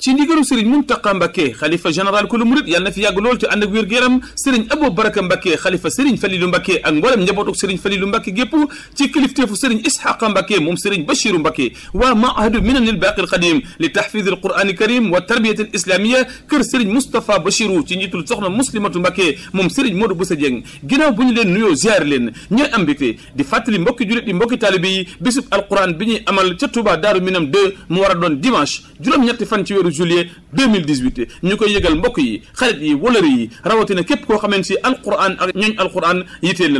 ci ndigalu sëriñ Muntaqa Mbakke xalifa général kulu murit yàlla na fi yàgg lool te ànd ak wér-gu-yaram sëriñ Abo Baraka Mbakke xalifa sëriñ Falilu Mbakke ak mboolem njabootuk sëriñ Falilu Mbakke gépp ci kilifteefu sëriñ Isxaqa Mbakke moom sëriñ maahadu minanil baaqil qadim li karim wa tarbiyati al kër sëriñ Moustapha Bachiru ci njiitul soxna Muslimatu Mbakke moom sëriñ Modou Boussa Dieng ginnaaw bu leen nuyoo ziar leen ñooy di fàttali mbokki julit di mbokki taalibe yi bisub juillet 2018 ñu koy yëgal mbokk yi xarit yi walëri yi rawatina képp koo xamante si alquran ak ñooñ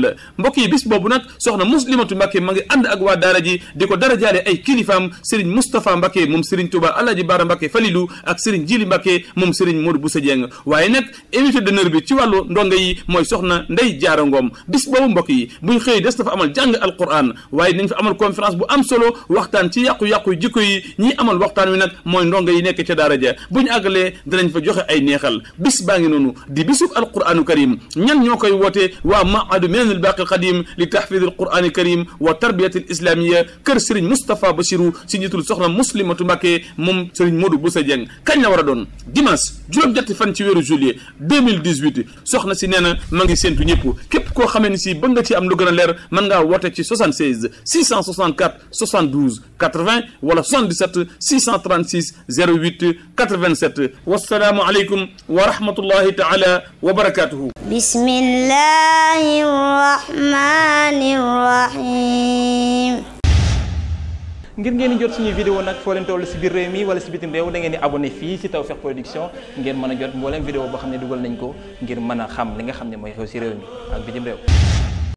la mbokk yi nag soxna muslimatu Mbàkke ma ngi ànd ak waa daara ji di ko darajaale ay kilifaam sëriñ Moustapha Mbàkke moom sëriñ Touba Alaaji Baara Mbàkke Falilu ak sëriñ Jili Mbàkke moom sëriñ Modou Boussa Dieng waaye nag invité d'honneur bi ci wàllu ndongo yi mooy soxna Ndey Jaara Ngom bis boobu yi buñ xëy des amal jàng alquran waaye nekk daara ja bu ñu àggalee danañ fa joxe ay neexal bis noonu di bisub alquranu karim ñan ñoo koy woote waa maadu meneen albaqi alqadim li tahfid alquran alkarim wa tarbiyat alislamiya kër sëriñ Moustapha Bachiru si njiitul soxna muslimatu Mbàkke moom sëriñ Modou Boussa Dieng kañ la war a doon dimanche juróom-ñetti fan ci weeru juillet soxna si nee na ma ngi séntu ñëpp képp koo si bëgg am lu gën a leer mën woote ci 76 87 wasalaamu aleykum wa rahmatullahi taala wa barakatuhu bismillahi rahmani rahim ngir ngeen di jot suñuy vidéo nag foo leen toll si biir réew mi wala si bitim réew da ngeen di abonné fii si Tawfekh Production ngeen mën a jot mboolem vidéo boo xam ne dugal nañ ko ngir mën a xam li nga xam ne mooy xew si réew mi ak bitim réew